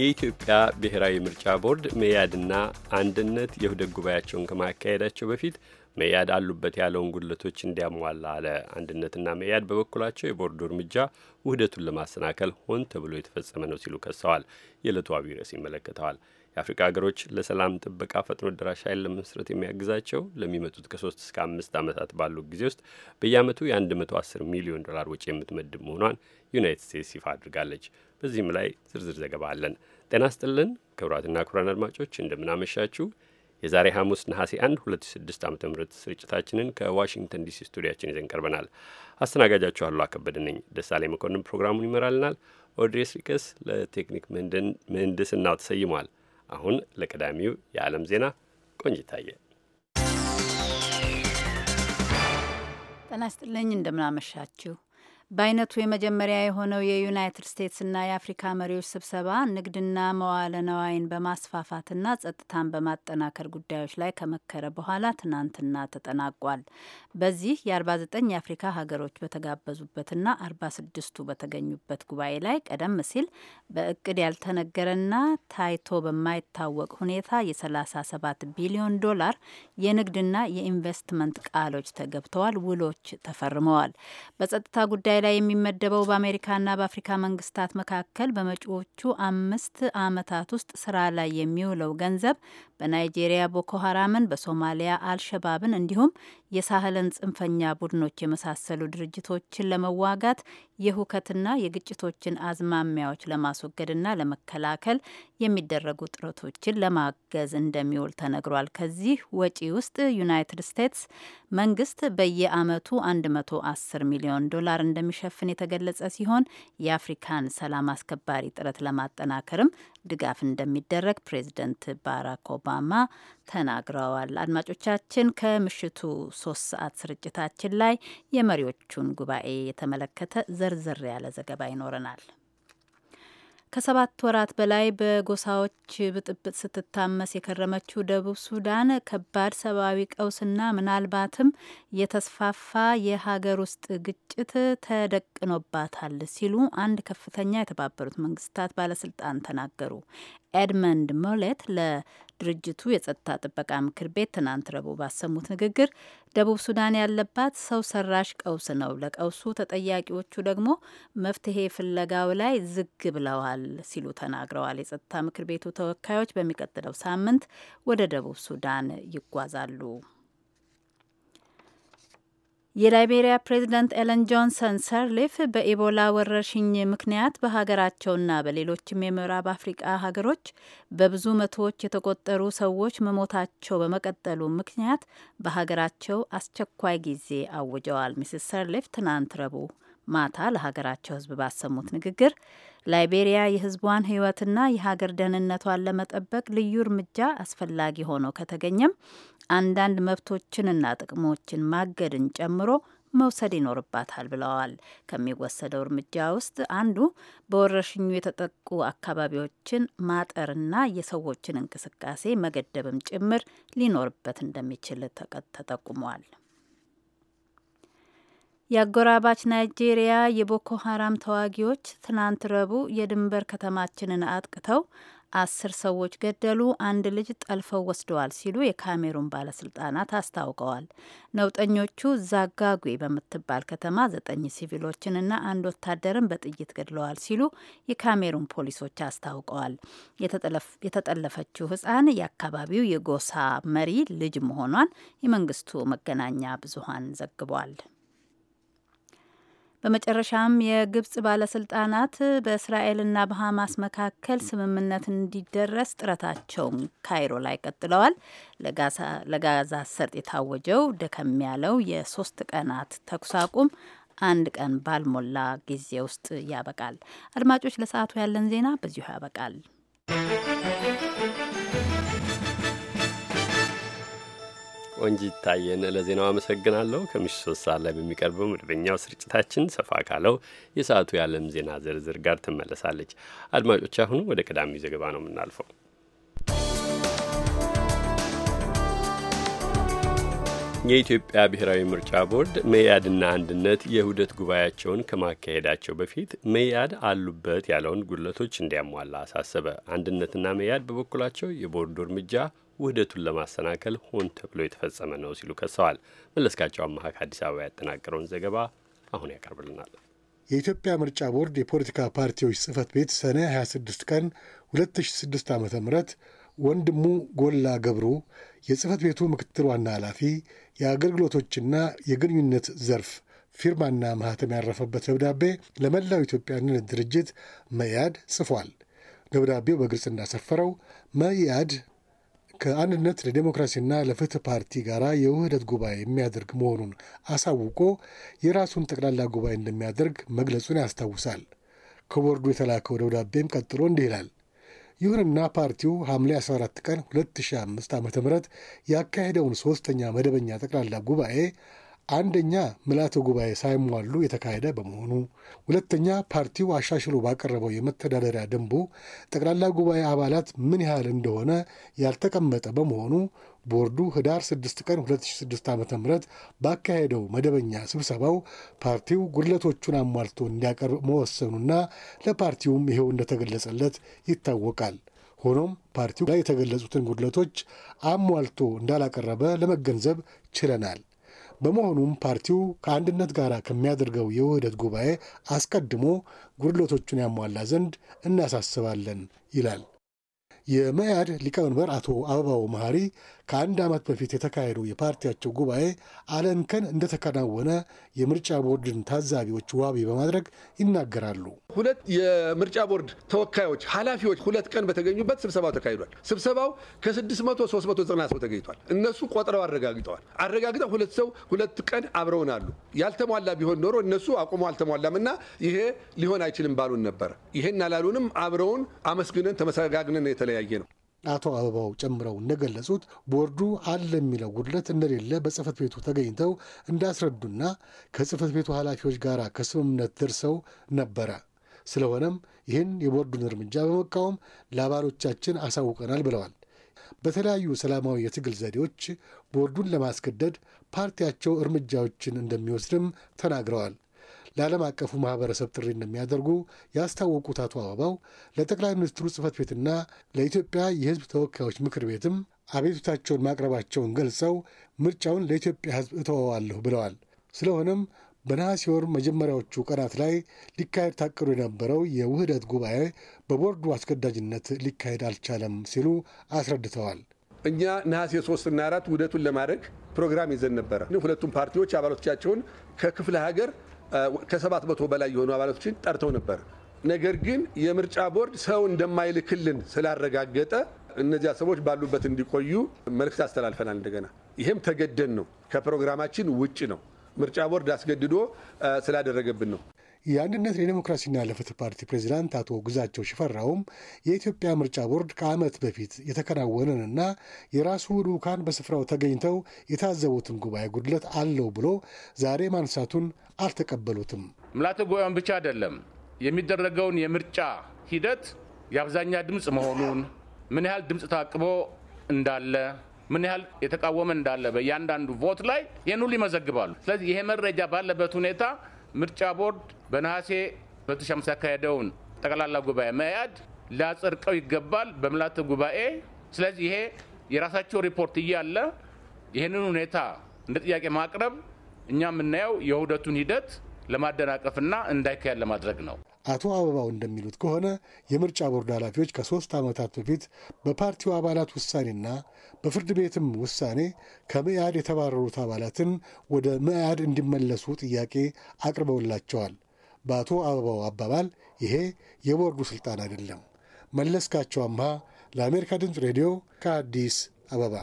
የኢትዮጵያ ብሔራዊ ምርጫ ቦርድ መያድና አንድነት የውህደት ጉባኤያቸውን ከማካሄዳቸው በፊት መያድ አሉበት ያለውን ጉድለቶች እንዲያሟላ አለ። አንድነትና መያድ በበኩላቸው የቦርዱ እርምጃ ውህደቱን ለማሰናከል ሆን ተብሎ የተፈጸመ ነው ሲሉ ከሰዋል። የዕለቱ አብይ ርዕስ ይመለከተዋል። የአፍሪካ ሀገሮች ለሰላም ጥበቃ ፈጥኖ ደራሽ ኃይል ለመስረት የሚያግዛቸው ለሚመጡት ከሶስት እስከ አምስት ዓመታት ባሉ ጊዜ ውስጥ በየዓመቱ የ110 ሚሊዮን ዶላር ወጪ የምትመድብ መሆኗን ዩናይትድ ስቴትስ ይፋ አድርጋለች። በዚህም ላይ ዝርዝር ዘገባ አለን። ጤና ስጥልን ክቡራትና ክቡራን አድማጮች እንደምናመሻችሁ። የዛሬ ሐሙስ ነሐሴ 1 2006 ዓ ም ስርጭታችንን ከዋሽንግተን ዲሲ ስቱዲያችን ይዘን ቀርበናል። አስተናጋጃችሁ አሉ አከበደ ነኝ። ደሳሌ መኮንን ፕሮግራሙን ይመራልናል። ኦድሬስ ሪከስ ለቴክኒክ ምህንድስናው ተሰይሟል። አሁን ለቀዳሚው የዓለም ዜና ቆንጅታየ ጤና ይስጥልኝ። እንደምናመሻችሁ በአይነቱ የመጀመሪያ የሆነው የዩናይትድ ስቴትስና የአፍሪካ መሪዎች ስብሰባ ንግድና መዋለ ነዋይን በማስፋፋትና ጸጥታን በማጠናከር ጉዳዮች ላይ ከመከረ በኋላ ትናንትና ተጠናቋል። በዚህ የ49 የአፍሪካ ሀገሮች በተጋበዙበትና 46ቱ በተገኙበት ጉባኤ ላይ ቀደም ሲል በእቅድ ያልተነገረና ታይቶ በማይታወቅ ሁኔታ የ37 ቢሊዮን ዶላር የንግድና የኢንቨስትመንት ቃሎች ተገብተዋል፣ ውሎች ተፈርመዋል። በጸጥታ ጉዳይ ጉዳይ ላይ የሚመደበው በአሜሪካና በአፍሪካ መንግስታት መካከል በመጪዎቹ አምስት አመታት ውስጥ ስራ ላይ የሚውለው ገንዘብ በናይጄሪያ ቦኮ ሀራምን፣ በሶማሊያ አልሸባብን እንዲሁም የሳህልን ጽንፈኛ ቡድኖች የመሳሰሉ ድርጅቶችን ለመዋጋት የሁከትና የግጭቶችን አዝማሚያዎች ለማስወገድና ለመከላከል የሚደረጉ ጥረቶችን ለማገዝ እንደሚውል ተነግሯል። ከዚህ ወጪ ውስጥ ዩናይትድ ስቴትስ መንግስት በየአመቱ 110 ሚሊዮን ዶላር እንደሚሸፍን የተገለጸ ሲሆን የአፍሪካን ሰላም አስከባሪ ጥረት ለማጠናከርም ድጋፍ እንደሚደረግ ፕሬዚደንት ባራክ ኦባማ ተናግረዋል። አድማጮቻችን ከምሽቱ ሶስት ሰዓት ስርጭታችን ላይ የመሪዎቹን ጉባኤ የተመለከተ ዘርዘር ያለ ዘገባ ይኖረናል። ከሰባት ወራት በላይ በጎሳዎች ብጥብጥ ስትታመስ የከረመችው ደቡብ ሱዳን ከባድ ሰብአዊ ቀውስና ምናልባትም የተስፋፋ የሀገር ውስጥ ግጭት ተደቅኖባታል ሲሉ አንድ ከፍተኛ የተባበሩት መንግስታት ባለስልጣን ተናገሩ። ኤድመንድ ሞሌት ለድርጅቱ የጸጥታ ጥበቃ ምክር ቤት ትናንት ረቡዕ ባሰሙት ንግግር ደቡብ ሱዳን ያለባት ሰው ሰራሽ ቀውስ ነው። ለቀውሱ ተጠያቂዎቹ ደግሞ መፍትሄ ፍለጋው ላይ ዝግ ብለዋል ሲሉ ተናግረዋል። የጸጥታ ምክር ቤቱ ተወካዮች በሚቀጥለው ሳምንት ወደ ደቡብ ሱዳን ይጓዛሉ። የላይቤሪያ ፕሬዝዳንት ኤለን ጆንሰን ሰርሊፍ በኢቦላ ወረርሽኝ ምክንያት በሀገራቸውና በሌሎችም የምዕራብ አፍሪቃ ሀገሮች በብዙ መቶዎች የተቆጠሩ ሰዎች መሞታቸው በመቀጠሉ ምክንያት በሀገራቸው አስቸኳይ ጊዜ አውጀዋል። ሚስስ ሰርሊፍ ትናንት ረቡዕ ማታ ለሀገራቸው ሕዝብ ባሰሙት ንግግር ላይቤሪያ የሕዝቧን ሕይወትና የሀገር ደህንነቷን ለመጠበቅ ልዩ እርምጃ አስፈላጊ ሆኖ ከተገኘም አንዳንድ መብቶችንና ጥቅሞችን ማገድን ጨምሮ መውሰድ ይኖርባታል ብለዋል። ከሚወሰደው እርምጃ ውስጥ አንዱ በወረርሽኙ የተጠቁ አካባቢዎችን ማጠርና የሰዎችን እንቅስቃሴ መገደብም ጭምር ሊኖርበት እንደሚችል ተጠቁሟል። የአጎራባች ናይጄሪያ የቦኮ ሀራም ተዋጊዎች ትናንት ረቡዕ የድንበር ከተማችንን አጥቅተው አስር ሰዎች ገደሉ፣ አንድ ልጅ ጠልፈው ወስደዋል ሲሉ የካሜሩን ባለስልጣናት አስታውቀዋል። ነውጠኞቹ ዛጋጉዌ በምትባል ከተማ ዘጠኝ ሲቪሎችንና አንድ ወታደርን በጥይት ገድለዋል ሲሉ የካሜሩን ፖሊሶች አስታውቀዋል። የተጠለፈችው ሕፃን የአካባቢው የጎሳ መሪ ልጅ መሆኗን የመንግስቱ መገናኛ ብዙሃን ዘግቧል። በመጨረሻም የግብጽ ባለስልጣናት በእስራኤልና በሐማስ መካከል ስምምነት እንዲደረስ ጥረታቸውን ካይሮ ላይ ቀጥለዋል። ለጋዛ ሰርጥ የታወጀው ደከም ያለው የሶስት ቀናት ተኩስ አቁም አንድ ቀን ባልሞላ ጊዜ ውስጥ ያበቃል። አድማጮች፣ ለሰዓቱ ያለን ዜና በዚሁ ያበቃል። ቆንጂ ይታየን ለዜናው አመሰግናለሁ። ከምሽቱ ሶስት ሰዓት ላይ በሚቀርበው መደበኛው ስርጭታችን ሰፋ ካለው የሰዓቱ የዓለም ዜና ዝርዝር ጋር ትመለሳለች። አድማጮች፣ አሁኑ ወደ ቀዳሚው ዘገባ ነው የምናልፈው። የኢትዮጵያ ብሔራዊ ምርጫ ቦርድ መኢአድና አንድነት የውህደት ጉባኤያቸውን ከማካሄዳቸው በፊት መኢአድ አሉበት ያለውን ጉድለቶች እንዲያሟላ አሳሰበ። አንድነትና መኢአድ በበኩላቸው የቦርዱ እርምጃ ውህደቱን ለማሰናከል ሆን ተብሎ የተፈጸመ ነው ሲሉ ከሰዋል። መለስካቸው አመሀ ከአዲስ አበባ ያጠናቀረውን ዘገባ አሁን ያቀርብልናል። የኢትዮጵያ ምርጫ ቦርድ የፖለቲካ ፓርቲዎች ጽህፈት ቤት ሰኔ 26 ቀን 2006 ዓ ም ወንድሙ ጎላ ገብሩ የጽህፈት ቤቱ ምክትል ዋና ኃላፊ የአገልግሎቶችና የግንኙነት ዘርፍ ፊርማና ማህተም ያረፈበት ደብዳቤ ለመላው ኢትዮጵያ አንድነት ድርጅት መኢአድ ጽፏል። ደብዳቤው በግልጽ እንዳሰፈረው መኢአድ ከአንድነት ለዴሞክራሲና ለፍትህ ፓርቲ ጋር የውህደት ጉባኤ የሚያደርግ መሆኑን አሳውቆ የራሱን ጠቅላላ ጉባኤ እንደሚያደርግ መግለጹን ያስታውሳል። ከቦርዱ የተላከው ደብዳቤም ቀጥሎ እንዲህ ይላል። ይሁንና ፓርቲው ሐምሌ 14 ቀን 2005 ዓ ም ያካሄደውን ሦስተኛ መደበኛ ጠቅላላ ጉባኤ አንደኛ ምላተ ጉባኤ ሳይሟሉ የተካሄደ በመሆኑ፣ ሁለተኛ ፓርቲው አሻሽሎ ባቀረበው የመተዳደሪያ ደንቡ ጠቅላላ ጉባኤ አባላት ምን ያህል እንደሆነ ያልተቀመጠ በመሆኑ ቦርዱ ህዳር 6 ቀን 2006 ዓ ም ባካሄደው መደበኛ ስብሰባው ፓርቲው ጉድለቶቹን አሟልቶ እንዲያቀርብ መወሰኑና ለፓርቲውም ይኸው እንደተገለጸለት ይታወቃል። ሆኖም ፓርቲው ላይ የተገለጹትን ጉድለቶች አሟልቶ እንዳላቀረበ ለመገንዘብ ችለናል። በመሆኑም ፓርቲው ከአንድነት ጋር ከሚያደርገው የውህደት ጉባኤ አስቀድሞ ጉድለቶቹን ያሟላ ዘንድ እናሳስባለን ይላል። የመያድ ሊቀመንበር አቶ አበባው መሐሪ ከአንድ ዓመት በፊት የተካሄደው የፓርቲያቸው ጉባኤ አለንከን እንደተከናወነ የምርጫ ቦርድን ታዛቢዎች ዋቢ በማድረግ ይናገራሉ። ሁለት የምርጫ ቦርድ ተወካዮች ኃላፊዎች ሁለት ቀን በተገኙበት ስብሰባው ተካሂዷል። ስብሰባው ከ600 390 ሰው ተገኝቷል። እነሱ ቆጥረው አረጋግጠዋል። አረጋግጠው ሁለት ሰው ሁለት ቀን አብረውን አሉ። ያልተሟላ ቢሆን ኖሮ እነሱ አቁሞ አልተሟላም እና ይሄ ሊሆን አይችልም ባሉን ነበር ይሄን አላሉንም። አብረውን አመስግነን ተመሰጋግነን የተለያየ ነው። አቶ አበባው ጨምረው እንደገለጹት ቦርዱ አለ የሚለው ጉድለት እንደሌለ በጽህፈት ቤቱ ተገኝተው እንዳስረዱና ከጽህፈት ቤቱ ኃላፊዎች ጋር ከስምምነት ደርሰው ነበረ። ስለሆነም ይህን የቦርዱን እርምጃ በመቃወም ለአባሎቻችን አሳውቀናል ብለዋል። በተለያዩ ሰላማዊ የትግል ዘዴዎች ቦርዱን ለማስገደድ ፓርቲያቸው እርምጃዎችን እንደሚወስድም ተናግረዋል። ለዓለም አቀፉ ማህበረሰብ ጥሪ እንደሚያደርጉ ያስታወቁት አቶ አበባው ለጠቅላይ ሚኒስትሩ ጽህፈት ቤትና ለኢትዮጵያ የህዝብ ተወካዮች ምክር ቤትም አቤቱታቸውን ማቅረባቸውን ገልጸው ምርጫውን ለኢትዮጵያ ህዝብ እተወዋለሁ ብለዋል። ስለሆነም በነሐሴ ወር መጀመሪያዎቹ ቀናት ላይ ሊካሄድ ታቅዶ የነበረው የውህደት ጉባኤ በቦርዱ አስገዳጅነት ሊካሄድ አልቻለም ሲሉ አስረድተዋል። እኛ ነሐሴ ሶስትና አራት ውህደቱን ለማድረግ ፕሮግራም ይዘን ነበረ። ሁለቱም ፓርቲዎች አባሎቻቸውን ከክፍለ ሀገር ከሰባት መቶ በላይ የሆኑ አባላቶችን ጠርተው ነበር። ነገር ግን የምርጫ ቦርድ ሰው እንደማይልክልን ስላረጋገጠ እነዚያ ሰዎች ባሉበት እንዲቆዩ መልእክት አስተላልፈናል። እንደገና ይህም ተገደን ነው፣ ከፕሮግራማችን ውጭ ነው፣ ምርጫ ቦርድ አስገድዶ ስላደረገብን ነው። የአንድነት ለዲሞክራሲና ለፍትህ ፓርቲ ፕሬዚዳንት አቶ ግዛቸው ሽፈራውም የኢትዮጵያ ምርጫ ቦርድ ከዓመት በፊት የተከናወነንና የራሱ ልዑካን በስፍራው ተገኝተው የታዘቡትን ጉባኤ ጉድለት አለው ብሎ ዛሬ ማንሳቱን አልተቀበሉትም። ምልዓተ ጉባኤውን ብቻ አይደለም የሚደረገውን የምርጫ ሂደት የአብዛኛ ድምፅ መሆኑን ምን ያህል ድምፅ ታቅቦ እንዳለ ምን ያህል የተቃወመ እንዳለ በእያንዳንዱ ቮት ላይ ይህን ሁሉ ይመዘግባሉ። ስለዚህ ይሄ መረጃ ባለበት ሁኔታ ምርጫ ቦርድ በነሐሴ 2005 ያካሄደውን ጠቅላላ ጉባኤ መያድ ሊያጸድቀው ይገባል በምልዓተ ጉባኤ። ስለዚህ ይሄ የራሳቸው ሪፖርት እያለ ይህንን ሁኔታ እንደ ጥያቄ ማቅረብ እኛ የምናየው የውህደቱን ሂደት ለማደናቀፍና እንዳይካሄድ ለማድረግ ነው። አቶ አበባው እንደሚሉት ከሆነ የምርጫ ቦርድ ኃላፊዎች ከሶስት ዓመታት በፊት በፓርቲው አባላት ውሳኔና በፍርድ ቤትም ውሳኔ ከመያድ የተባረሩት አባላትን ወደ ምዕያድ እንዲመለሱ ጥያቄ አቅርበውላቸዋል። በአቶ አበባው አባባል ይሄ የቦርዱ ስልጣን አይደለም። መለስካቸው አምሃ ለአሜሪካ ድምፅ ሬዲዮ ከአዲስ አበባ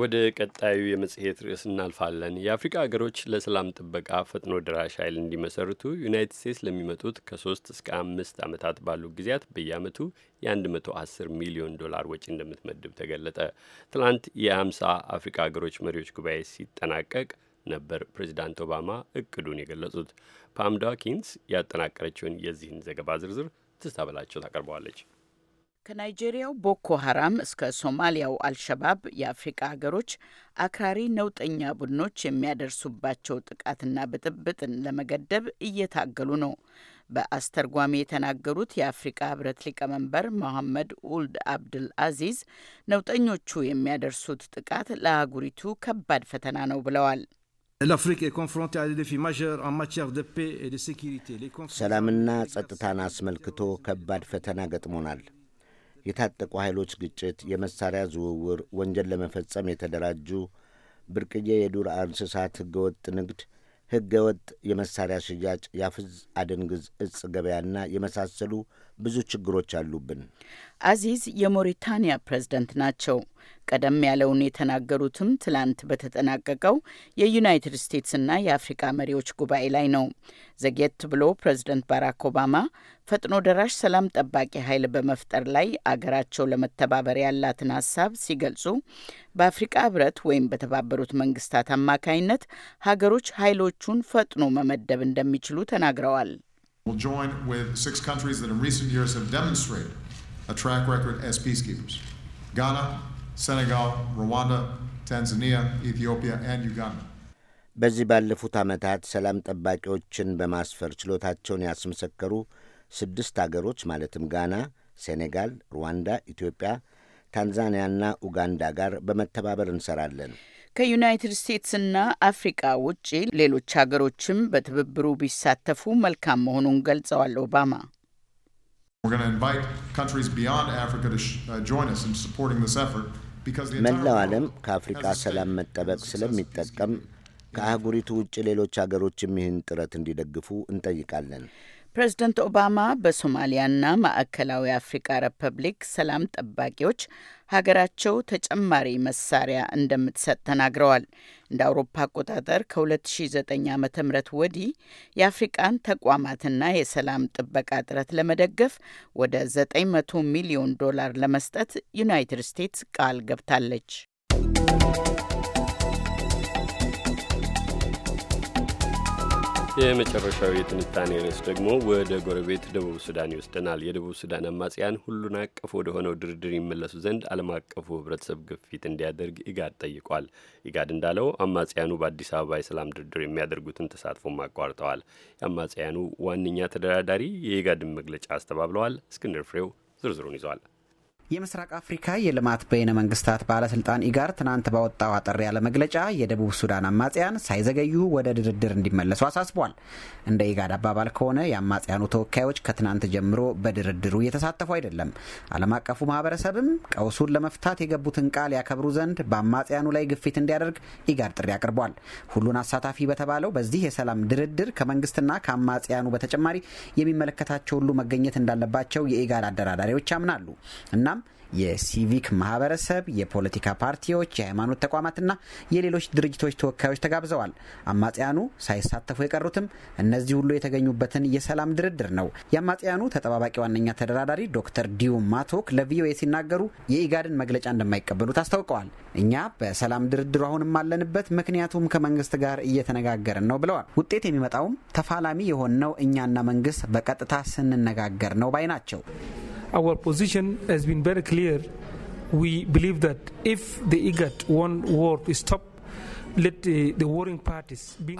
ወደ ቀጣዩ የመጽሔት ርዕስ እናልፋለን። የአፍሪካ ሀገሮች ለሰላም ጥበቃ ፈጥኖ ደራሽ ኃይል እንዲመሰርቱ ዩናይትድ ስቴትስ ለሚመጡት ከሶስት እስከ አምስት ዓመታት ባሉ ጊዜያት በየዓመቱ የ110 ሚሊዮን ዶላር ወጪ እንደምትመድብ ተገለጠ። ትላንት የ50 አፍሪካ ሀገሮች መሪዎች ጉባኤ ሲጠናቀቅ ነበር ፕሬዚዳንት ኦባማ እቅዱን የገለጹት። ፓም ዳኪንስ ያጠናቀረችውን የዚህን ዘገባ ዝርዝር ትስታበላቸው ታቀርበዋለች። ከናይጄሪያው ቦኮ ሀራም እስከ ሶማሊያው አልሸባብ የአፍሪቃ ሀገሮች አክራሪ ነውጠኛ ቡድኖች የሚያደርሱባቸው ጥቃትና ብጥብጥን ለመገደብ እየታገሉ ነው። በአስተርጓሚ የተናገሩት የአፍሪቃ ህብረት ሊቀመንበር መሐመድ ኡልድ አብድል አዚዝ ነውጠኞቹ የሚያደርሱት ጥቃት ለአህጉሪቱ ከባድ ፈተና ነው ብለዋል። ሰላምና ጸጥታን አስመልክቶ ከባድ ፈተና ገጥሞናል። የታጠቁ ኃይሎች ግጭት፣ የመሳሪያ ዝውውር፣ ወንጀል ለመፈጸም የተደራጁ ብርቅዬ የዱር እንስሳት ህገወጥ ንግድ፣ ህገወጥ የመሳሪያ ሽያጭ፣ የአፍዝ አደንግዝ እጽ ገበያና የመሳሰሉ ብዙ ችግሮች አሉብን። አዚዝ የሞሪታንያ ፕሬዝደንት ናቸው። ቀደም ያለውን የተናገሩትም ትላንት በተጠናቀቀው የዩናይትድ ስቴትስና የአፍሪካ መሪዎች ጉባኤ ላይ ነው። ዘግየት ብሎ ፕሬዝደንት ባራክ ኦባማ ፈጥኖ ደራሽ ሰላም ጠባቂ ኃይል በመፍጠር ላይ አገራቸው ለመተባበር ያላትን ሀሳብ ሲገልጹ በአፍሪቃ ህብረት ወይም በተባበሩት መንግስታት አማካይነት ሀገሮች ኃይሎቹን ፈጥኖ መመደብ እንደሚችሉ ተናግረዋል። will join with six countries that in recent years have demonstrated a track record as peacekeepers Ghana, Senegal, Rwanda, Tanzania, Ethiopia, and Uganda. በዚህ ባለፉት ዓመታት ሰላም ጠባቂዎችን በማስፈር ችሎታቸውን ያስመሰከሩ ስድስት አገሮች ማለትም ጋና፣ ሴኔጋል፣ ሩዋንዳ፣ ኢትዮጵያ፣ ታንዛኒያና ኡጋንዳ ጋር በመተባበር እንሰራለን። ከዩናይትድ ስቴትስና አፍሪቃ ውጪ ሌሎች ሀገሮችም በትብብሩ ቢሳተፉ መልካም መሆኑን ገልጸዋል ኦባማ። uh, መላው ዓለም ከአፍሪቃ ሰላም መጠበቅ ስለሚጠቀም ከአህጉሪቱ ውጭ ሌሎች ሀገሮችም ይህን ጥረት እንዲደግፉ እንጠይቃለን። ፕሬዝደንት ኦባማ በሶማሊያና ማዕከላዊ አፍሪካ ሪፐብሊክ ሰላም ጠባቂዎች ሀገራቸው ተጨማሪ መሳሪያ እንደምትሰጥ ተናግረዋል። እንደ አውሮፓ አቆጣጠር ከ2009 ዓ ም ወዲህ የአፍሪቃን ተቋማትና የሰላም ጥበቃ ጥረት ለመደገፍ ወደ 900 ሚሊዮን ዶላር ለመስጠት ዩናይትድ ስቴትስ ቃል ገብታለች። የመጨረሻው የትንታኔ ርዕስ ደግሞ ወደ ጎረቤት ደቡብ ሱዳን ይወስደናል። የደቡብ ሱዳን አማጽያን ሁሉን አቀፍ ወደ ሆነው ድርድር ይመለሱ ዘንድ ዓለም አቀፉ ሕብረተሰብ ግፊት እንዲያደርግ ኢጋድ ጠይቋል። ኢጋድ እንዳለው አማጽያኑ በአዲስ አበባ የሰላም ድርድር የሚያደርጉትን ተሳትፎም አቋርጠዋል። የአማጽያኑ ዋነኛ ተደራዳሪ የኢጋድን መግለጫ አስተባብለዋል። እስክንድር ፍሬው ዝርዝሩን ይዟል። የምስራቅ አፍሪካ የልማት በይነ መንግስታት ባለስልጣን ኢጋር ትናንት ባወጣው አጠር ያለ መግለጫ የደቡብ ሱዳን አማጽያን ሳይዘገዩ ወደ ድርድር እንዲመለሱ አሳስቧል። እንደ ኢጋድ አባባል ከሆነ የአማጽያኑ ተወካዮች ከትናንት ጀምሮ በድርድሩ እየተሳተፉ አይደለም። ዓለም አቀፉ ማህበረሰብም ቀውሱን ለመፍታት የገቡትን ቃል ያከብሩ ዘንድ በአማጽያኑ ላይ ግፊት እንዲያደርግ ኢጋድ ጥሪ አቅርቧል። ሁሉን አሳታፊ በተባለው በዚህ የሰላም ድርድር ከመንግስትና ከአማጽያኑ በተጨማሪ የሚመለከታቸው ሁሉ መገኘት እንዳለባቸው የኢጋድ አደራዳሪዎች ያምናሉ። እናም የሲቪክ ማህበረሰብ፣ የፖለቲካ ፓርቲዎች፣ የሃይማኖት ተቋማትና የሌሎች ድርጅቶች ተወካዮች ተጋብዘዋል። አማጽያኑ ሳይሳተፉ የቀሩትም እነዚህ ሁሉ የተገኙበትን የሰላም ድርድር ነው። የአማጽያኑ ተጠባባቂ ዋነኛ ተደራዳሪ ዶክተር ዲዩ ማቶክ ለቪኦኤ ሲናገሩ የኢጋድን መግለጫ እንደማይቀበሉት አስታውቀዋል። እኛ በሰላም ድርድሩ አሁንም አለንበት፣ ምክንያቱም ከመንግስት ጋር እየተነጋገርን ነው ብለዋል። ውጤት የሚመጣውም ተፋላሚ የሆነው እኛና መንግስት በቀጥታ ስንነጋገር ነው ባይ ናቸው። clear, we believe that if the IGAD one war to stop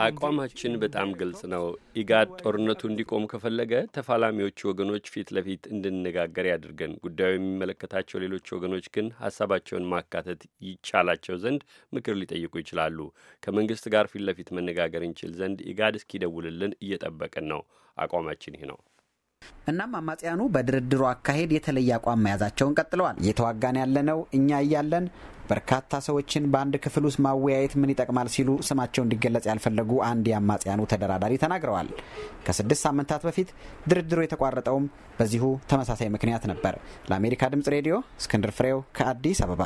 አቋማችን በጣም ግልጽ ነው። ኢጋድ ጦርነቱ እንዲቆም ከፈለገ ተፋላሚዎቹ ወገኖች ፊት ለፊት እንድንነጋገር ያድርገን። ጉዳዩ የሚመለከታቸው ሌሎች ወገኖች ግን ሀሳባቸውን ማካተት ይቻላቸው ዘንድ ምክር ሊጠይቁ ይችላሉ። ከመንግስት ጋር ፊት ለፊት መነጋገር እንችል ዘንድ ኢጋድ እስኪደውልልን እየጠበቅን ነው። አቋማችን ይህ ነው። እናም አማጽያኑ በድርድሩ አካሄድ የተለየ አቋም መያዛቸውን ቀጥለዋል። እየተዋጋን ያለነው እኛ እያለን በርካታ ሰዎችን በአንድ ክፍል ውስጥ ማወያየት ምን ይጠቅማል ሲሉ ስማቸው እንዲገለጽ ያልፈለጉ አንድ የአማጽያኑ ተደራዳሪ ተናግረዋል። ከስድስት ሳምንታት በፊት ድርድሩ የተቋረጠውም በዚሁ ተመሳሳይ ምክንያት ነበር። ለአሜሪካ ድምጽ ሬዲዮ እስክንድር ፍሬው ከአዲስ አበባ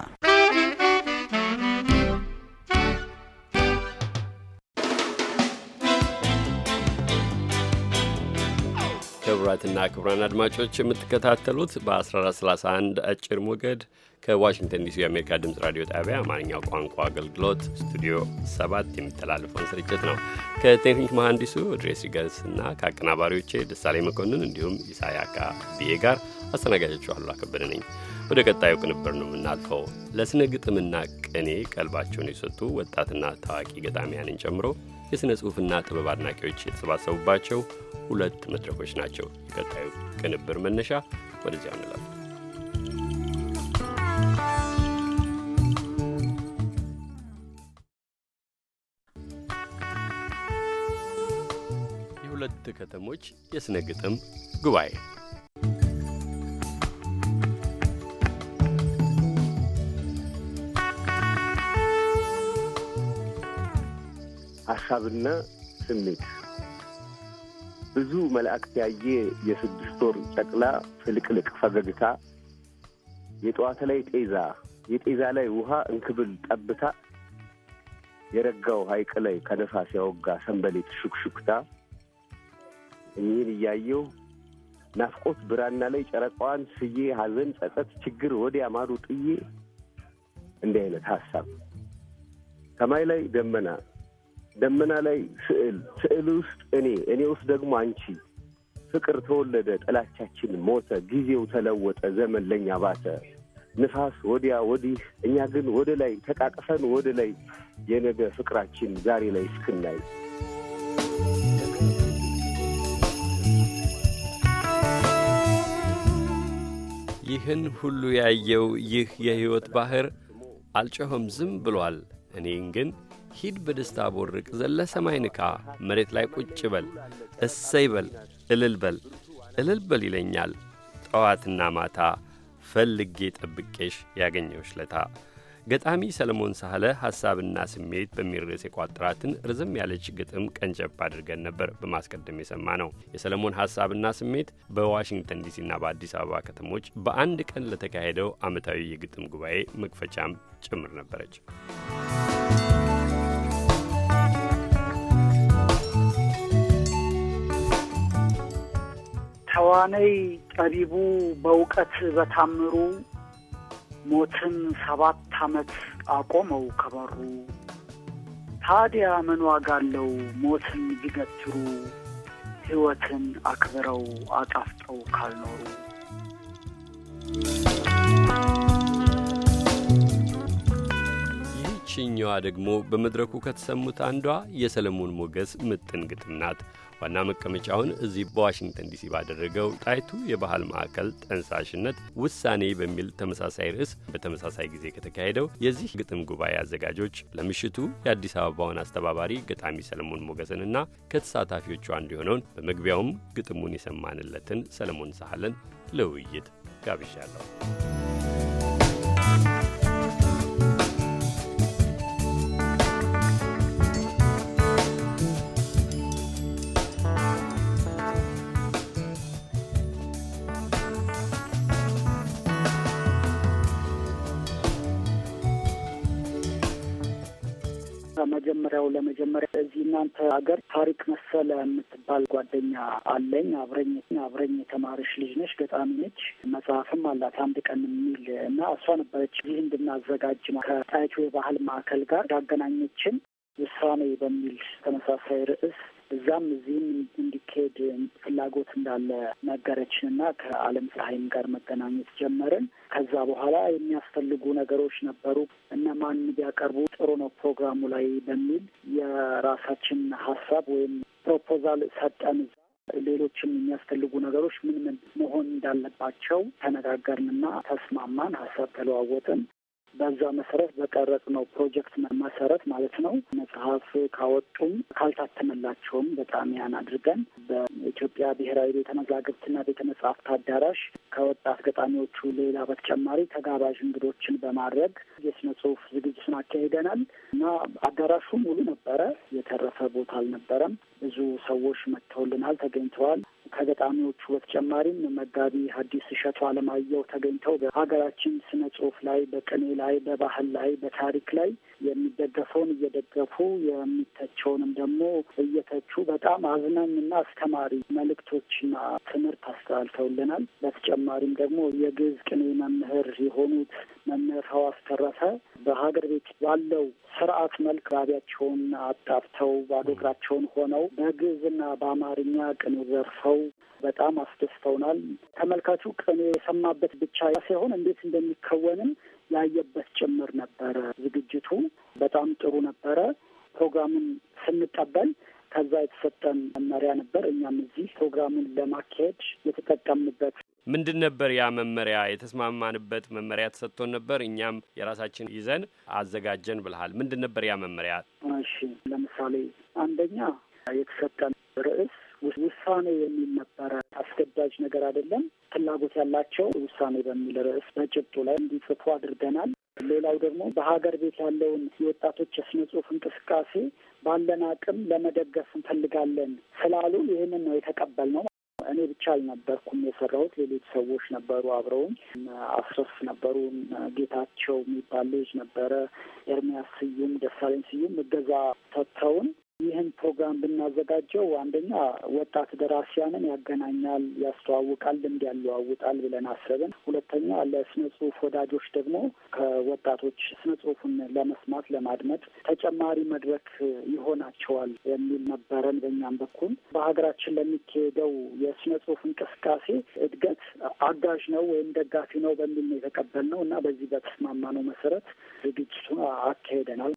ክቡራትና ክቡራን አድማጮች የምትከታተሉት በ1431 አጭር ሞገድ ከዋሽንግተን ዲሲ የአሜሪካ ድምፅ ራዲዮ ጣቢያ አማርኛው ቋንቋ አገልግሎት ስቱዲዮ 7 የሚተላለፈውን ስርጭት ነው። ከቴክኒክ መሐንዲሱ ድሬስ ሪገስ እና ከአቀናባሪዎቼ ደሳሌ መኮንን እንዲሁም ኢሳያካ ብዬ ጋር አስተናጋጃችሁ አሉ አከበደ ነኝ። ወደ ቀጣዩ ቅንብር ነው የምናልፈው። ለስነ ግጥምና ቅኔ ቀልባቸውን የሰጡ ወጣትና ታዋቂ ገጣሚያንን ጨምሮ የሥነ ጽሑፍና ጥበብ አድናቂዎች የተሰባሰቡባቸው ሁለት መድረኮች ናቸው። የቀጣዩ ቅንብር መነሻ ወደዚያ ንላል። የሁለት ከተሞች የሥነ ግጥም ጉባኤ ሀሳብና ስሜት ብዙ መላእክት ያየ የስድስት ወር ጨቅላ ፍልቅልቅ ፈገግታ የጠዋት ላይ ጤዛ የጤዛ ላይ ውሃ እንክብል ጠብታ የረጋው ሐይቅ ላይ ከነፋስ ያወጋ ሰንበሌት ሹክሹክታ እኚህን እያየው ናፍቆት ብራና ላይ ጨረቃዋን ስዬ ሐዘን፣ ጸጸት፣ ችግር ወዲያ ማዶ ጥዬ እንዲህ አይነት ሀሳብ ሰማይ ላይ ደመና ደመና ላይ ስዕል፣ ስዕል ውስጥ እኔ፣ እኔ ውስጥ ደግሞ አንቺ። ፍቅር ተወለደ፣ ጥላቻችን ሞተ፣ ጊዜው ተለወጠ፣ ዘመን ለኛ ባተ። ንፋስ ወዲያ ወዲህ፣ እኛ ግን ወደ ላይ ተቃቅፈን ወደ ላይ የነገ ፍቅራችን ዛሬ ላይ እስክናይ ይህን ሁሉ ያየው ይህ የሕይወት ባሕር አልጮኸም፣ ዝም ብሏል። እኔን ግን ሂድ በደስታ ቦርቅ፣ ዘለ ሰማይ ንካ፣ መሬት ላይ ቁጭ በል፣ እሰይ በል፣ እልል በል፣ እልል በል ይለኛል ጠዋትና ማታ ፈልጌ ጠብቄሽ ያገኘሁሽ ለታ ገጣሚ ሰለሞን ሳህለ ሀሳብና ስሜት በሚል ርዕስ የቋጠራትን ርዝም ያለች ግጥም ቀንጨብ አድርገን ነበር በማስቀደም የሰማ ነው። የሰለሞን ሀሳብና ስሜት በዋሽንግተን ዲሲና በአዲስ አበባ ከተሞች በአንድ ቀን ለተካሄደው ዓመታዊ የግጥም ጉባኤ መክፈቻም ጭምር ነበረች። ተዋነይ ጠቢቡ በእውቀት በታምሩ ሞትን ሰባት ዓመት አቆመው ከበሩ ታዲያ ምን ዋጋ አለው ሞትን ቢገትሩ ሕይወትን አክብረው አጣፍጠው ካልኖሩ እሽኛዋ ደግሞ በመድረኩ ከተሰሙት አንዷ የሰለሞን ሞገስ ምጥን ግጥም ናት። ዋና መቀመጫውን እዚህ በዋሽንግተን ዲሲ ባደረገው ጣይቱ የባህል ማዕከል ጠንሳሽነት ውሳኔ በሚል ተመሳሳይ ርዕስ በተመሳሳይ ጊዜ ከተካሄደው የዚህ ግጥም ጉባኤ አዘጋጆች ለምሽቱ የአዲስ አበባውን አስተባባሪ ገጣሚ ሰለሞን ሞገስንና ከተሳታፊዎቹ አንዱ የሆነውን በመግቢያውም ግጥሙን የሰማንለትን ሰለሞን ሳህልን ለውይይት ጋብዣለሁ። ከመጀመሪያው ለመጀመሪያ እዚህ እናንተ ሀገር ታሪክ መሰለ የምትባል ጓደኛ አለኝ። አብረኝ አብረኝ የተማረች ልጅ ነች፣ ገጣሚ ነች፣ መጽሐፍም አላት አንድ ቀን የሚል እና እሷ ነበረች ይህ እንድናዘጋጅ ከጣይቱ የባህል ማዕከል ጋር ያገናኘችን ውሳኔ በሚል ተመሳሳይ ርዕስ እዛም እዚህም እንዲካሄድ ፍላጎት እንዳለ ነገረችንና ከአለም ፀሐይም ጋር መገናኘት ጀመርን። ከዛ በኋላ የሚያስፈልጉ ነገሮች ነበሩ እና ማን ቢያቀርቡ ጥሩ ነው ፕሮግራሙ ላይ በሚል የራሳችን ሀሳብ ወይም ፕሮፖዛል ሰጠን። ሌሎችም የሚያስፈልጉ ነገሮች ምን ምን መሆን እንዳለባቸው ተነጋገርንና ተስማማን፣ ሀሳብ ተለዋወጥን። በዛ መሰረት በቀረጽ ነው ፕሮጀክት መሰረት ማለት ነው። መጽሐፍ ካወጡም ካልታተመላቸውም በጣም ያን አድርገን በኢትዮጵያ ብሔራዊ ቤተ መዛግብትና ቤተ መጽሐፍት አዳራሽ ከወጣት ገጣሚዎቹ ሌላ በተጨማሪ ተጋባዥ እንግዶችን በማድረግ የስነ ጽሁፍ ዝግጅቱን አካሂደናል እና አዳራሹ ሙሉ ነበረ። የተረፈ ቦታ አልነበረም። ብዙ ሰዎች መጥተውልናል፣ ተገኝተዋል። ከገጣሚዎቹ በተጨማሪም መጋቢ ሐዲስ እሸቱ አለማየሁ ተገኝተው በሀገራችን ስነ ጽሁፍ ላይ፣ በቅኔ ላይ፣ በባህል ላይ፣ በታሪክ ላይ የሚደገፈውን እየደገፉ የሚተቸውንም ደግሞ እየተቹ በጣም አዝናኝና አስተማሪ መልእክቶችና ትምህርት አስተላልተውልናል። በተጨማሪም ደግሞ የግዕዝ ቅኔ መምህር የሆኑት መምህር ሐዋስ ተረፈ በሀገር ቤት ባለው ስርዓት መልክ ባቢያቸውን አጣብተው ባዶ እግራቸውን ሆነው በግዕዝና በአማርኛ ቅኔ ዘርፈው አቅርበው በጣም አስደስተውናል። ተመልካቹ ቀን የሰማበት ብቻ ሳይሆን እንዴት እንደሚከወንም ያየበት ጭምር ነበረ። ዝግጅቱ በጣም ጥሩ ነበረ። ፕሮግራሙን ስንቀበል ከዛ የተሰጠን መመሪያ ነበር። እኛም እዚህ ፕሮግራሙን ለማካሄድ የተጠቀምንበት ምንድን ነበር ያ መመሪያ? የተስማማንበት መመሪያ ተሰጥቶን ነበር። እኛም የራሳችን ይዘን አዘጋጀን ብልሃል። ምንድን ነበር ያ መመሪያ? እሺ፣ ለምሳሌ አንደኛ የተሰጠን ርዕስ ውሳኔ የሚል ነበረ። አስገዳጅ ነገር አይደለም። ፍላጎት ያላቸው ውሳኔ በሚል ርዕስ በጭብጡ ላይ እንዲጽፉ አድርገናል። ሌላው ደግሞ በሀገር ቤት ያለውን የወጣቶች የስነ ጽሁፍ እንቅስቃሴ ባለን አቅም ለመደገፍ እንፈልጋለን ስላሉ ይህንን ነው የተቀበልነው። እኔ ብቻ አልነበርኩም የሰራሁት፣ ሌሎች ሰዎች ነበሩ። አብረውም አስረስ ነበሩ፣ ጌታቸው የሚባል ልጅ ነበረ፣ ኤርሚያስ ስዩም፣ ደሳለኝ ስዩም እገዛ ሰጥተውን ይህን ፕሮግራም ብናዘጋጀው አንደኛ ወጣት ደራሲያንን ያገናኛል፣ ያስተዋውቃል፣ ልምድ ያለዋውጣል ብለን አስበን፣ ሁለተኛ ለስነ ጽሁፍ ወዳጆች ደግሞ ከወጣቶች ስነ ጽሁፉን ለመስማት ለማድመጥ ተጨማሪ መድረክ ይሆናቸዋል የሚል ነበረን። በእኛም በኩል በሀገራችን ለሚካሄደው የስነ ጽሁፍ እንቅስቃሴ እድገት አጋዥ ነው ወይም ደጋፊ ነው በሚል ነው የተቀበልነው እና በዚህ በተስማማነው መሰረት ዝግጅቱን አካሄደናል።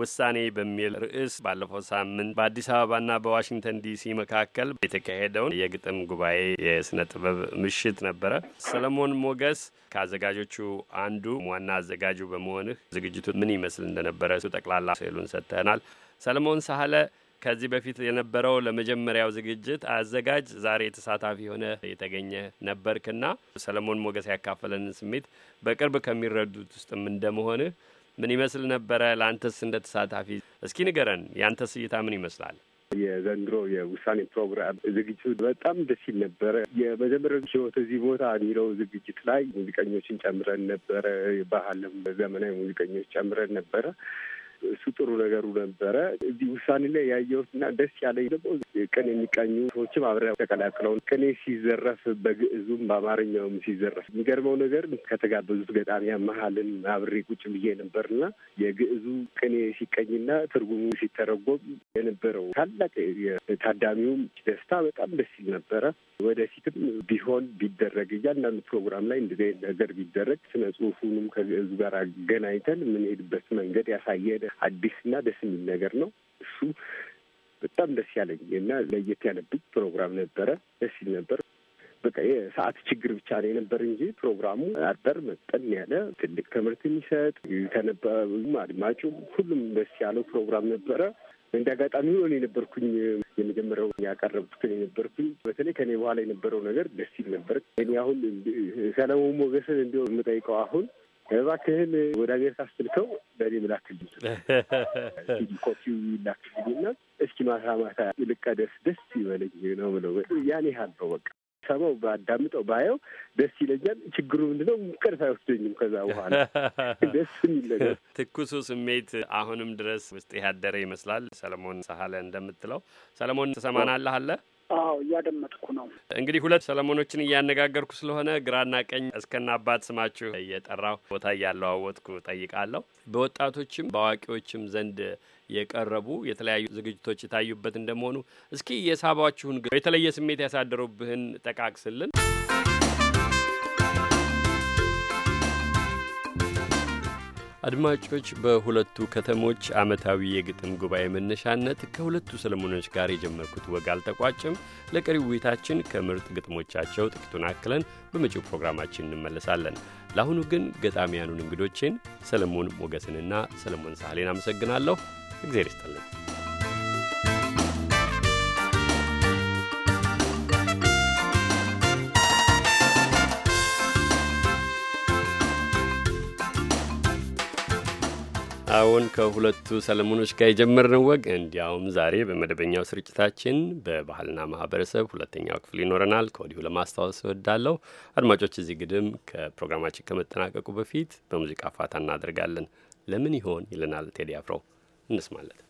ውሳኔ በሚል ርዕስ ባለፈው ሳምንት በአዲስ አበባና በዋሽንግተን ዲሲ መካከል የተካሄደውን የግጥም ጉባኤ የስነ ጥበብ ምሽት ነበረ። ሰለሞን ሞገስ ከአዘጋጆቹ አንዱ ዋና አዘጋጁ በመሆንህ ዝግጅቱ ምን ይመስል እንደነበረ እሱ ጠቅላላ ስዕሉን ሰጥተናል። ሰለሞን ሳህለ ከዚህ በፊት የነበረው ለመጀመሪያው ዝግጅት አዘጋጅ ዛሬ ተሳታፊ ሆነ የተገኘ ነበርክና ሰለሞን ሞገስ ያካፈለንን ስሜት በቅርብ ከሚረዱት ውስጥም እንደመሆንህ ምን ይመስል ነበረ? ለአንተስ እንደ ተሳታፊ እስኪ ንገረን። የአንተስ እይታ ምን ይመስላል? የዘንድሮ የውሳኔ ፕሮግራም ዝግጅቱ በጣም ደስ ይል ነበረ። የመጀመሪያ ህይወት እዚህ ቦታ የሚለው ዝግጅት ላይ ሙዚቀኞችን ጨምረን ነበረ። ባህልም ዘመናዊ ሙዚቀኞች ጨምረን ነበረ። እሱ ጥሩ ነገሩ ነበረ። እዚህ ውሳኔ ላይ ያየሁት እና ደስ ያለኝ ደግሞ ቅኔ የሚቀኙ ሰዎችም አብረ ተቀላቅለው ቅኔ ሲዘረፍ በግዕዙም በአማርኛውም ሲዘረፍ የሚገርመው ነገር ከተጋበዙት ገጣሚያን መሀልን አብሬ ቁጭ ብዬ ነበርና የግዕዙ ቅኔ ሲቀኝና ትርጉሙ ሲተረጎም የነበረው ታላቅ የታዳሚውም ደስታ በጣም ደስ ይል ነበረ። ወደፊትም ቢሆን ቢደረግ እያንዳንዱ ፕሮግራም ላይ እንደዚህ ነገር ቢደረግ ስነ ጽሁፉንም ከግዕዙ ጋር አገናኝተን የምንሄድበት መንገድ ያሳየ አዲስና ደስ የሚል ነገር ነው። እሱ በጣም ደስ ያለኝ እና ለየት ያለብኝ ፕሮግራም ነበረ። ደስ ይል ነበር። በቃ የሰዓት ችግር ብቻ ነው የነበር እንጂ ፕሮግራሙ አጠር መጠን ያለ ትልቅ ትምህርት የሚሰጥ ከነበሩም አድማጩም ሁሉም ደስ ያለው ፕሮግራም ነበረ። እንደ አጋጣሚ ሆኖ የነበርኩኝ የመጀመሪያው ያቀረብኩትን የነበርኩኝ በተለይ ከኔ በኋላ የነበረው ነገር ደስ ይል ነበር። እኔ አሁን ሰለሞን ሞገስን እንዲሁ የምጠይቀው አሁን እባክህን ወደ አሜሪካ ስትልከው በእኔ ምን አክል ኮፒው ላክልና እስኪ ማታ ማታ ልቀደስ ደስ ይበለኝ ነው ብለው ያኔ ያህል በቃ ሰማው ባዳምጠው ባየው ደስ ይለኛል። ችግሩ ምንድነው? ሙቀት አይወስደኝም። ከዛ በኋላ ደስ የሚል ትኩሱ ስሜት አሁንም ድረስ ውስጥ ያደረ ይመስላል። ሰለሞን ሳሀለ እንደምትለው ሰለሞን ትሰማናለህ አለ አዎ እያደመጥኩ ነው። እንግዲህ ሁለት ሰለሞኖችን እያነጋገርኩ ስለሆነ ግራና ቀኝ እስከና አባት ስማችሁ እየጠራው ቦታ እያለዋወጥኩ ጠይቃለሁ። በወጣቶችም በአዋቂዎችም ዘንድ የቀረቡ የተለያዩ ዝግጅቶች የታዩበት እንደመሆኑ እስኪ የሳባችሁን የተለየ ስሜት ያሳደሩብህን ጠቃቅስልን። አድማጮች በሁለቱ ከተሞች ዓመታዊ የግጥም ጉባኤ መነሻነት ከሁለቱ ሰለሞኖች ጋር የጀመርኩት ወግ አልተቋጭም። ለቀሪው ውይይታችን ከምርጥ ግጥሞቻቸው ጥቂቱን አክለን በመጪው ፕሮግራማችን እንመለሳለን። ለአሁኑ ግን ገጣሚያኑን እንግዶቼን ሰለሞን ሞገስንና ሰለሞን ሳህሌን አመሰግናለሁ። እግዜር ይስጠልን። አሁን ከሁለቱ ሰለሞኖች ጋር የጀመርነው ወግ እንዲያውም ዛሬ በመደበኛው ስርጭታችን በባህልና ማህበረሰብ ሁለተኛው ክፍል ይኖረናል። ከወዲሁ ለማስታወስ እወዳለሁ አድማጮች፣ እዚህ ግድም ከፕሮግራማችን ከመጠናቀቁ በፊት በሙዚቃ ፋታ እናደርጋለን። ለምን ይሆን ይለናል ቴዲ አፍሮ እንስማለን።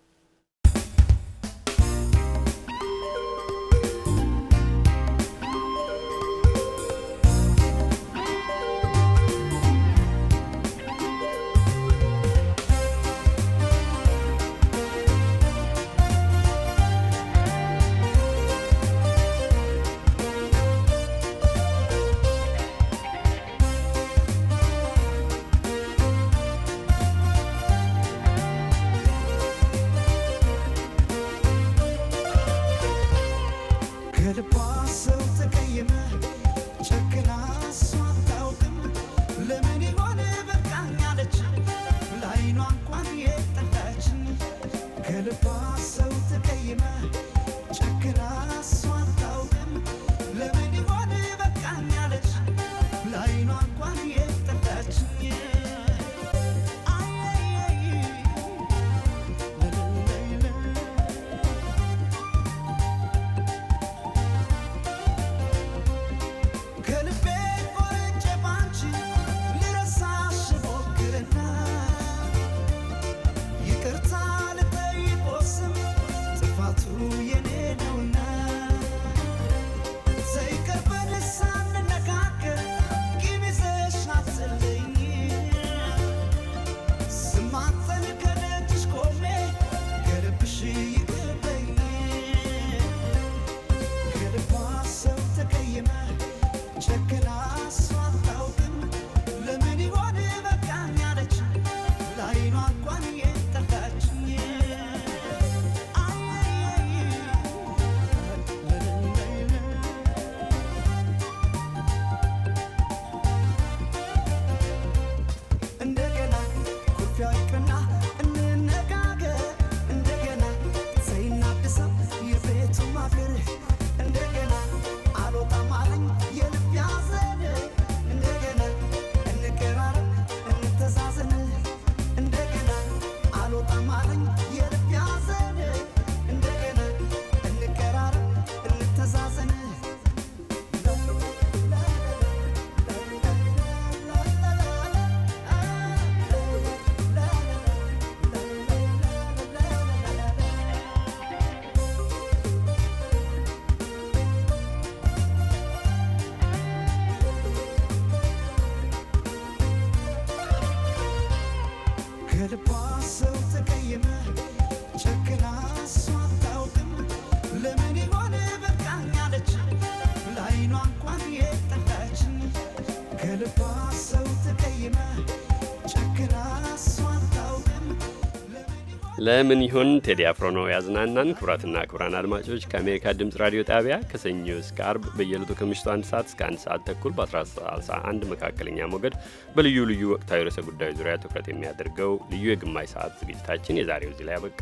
ለምን ይሁን ቴዲ አፍሮ ነው ያዝናናን። ክቡራትና ክቡራን አድማጮች ከአሜሪካ ድምፅ ራዲዮ ጣቢያ ከሰኞ እስከ አርብ በየዕለቱ ከምሽቱ አንድ ሰዓት እስከ አንድ ሰዓት ተኩል በ1131 መካከለኛ ሞገድ በልዩ ልዩ ወቅታዊ ርዕሰ ጉዳዮች ዙሪያ ትኩረት የሚያደርገው ልዩ የግማሽ ሰዓት ዝግጅታችን የዛሬው እዚህ ላይ ያበቃ።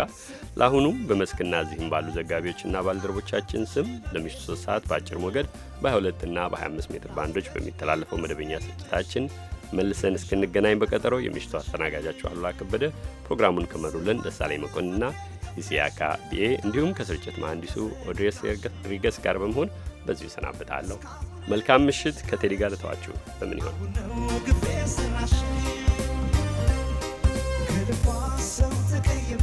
ለአሁኑም በመስክና እዚህም ባሉ ዘጋቢዎችና ባልደረቦቻችን ስም ለምሽቱ ሶስት ሰዓት በአጭር ሞገድ በ22ና በ25 ሜትር ባንዶች በሚተላለፈው መደበኛ ስርጭታችን መልሰን እስክንገናኝ በቀጠሮ የምሽቱ አስተናጋጃችሁ አሉላ ከበደ፣ ፕሮግራሙን ከመሩልን ደሳለኝ መኮንንና ኢሲያካ ቢኤ እንዲሁም ከስርጭት መሐንዲሱ ኦድሬስ ሪገስ ጋር በመሆን በዚሁ እሰናብታለሁ። መልካም ምሽት። ከቴዲ ጋር ልተዋችሁ። በምን ይሆን ስራሽ ሰው ተቀይመ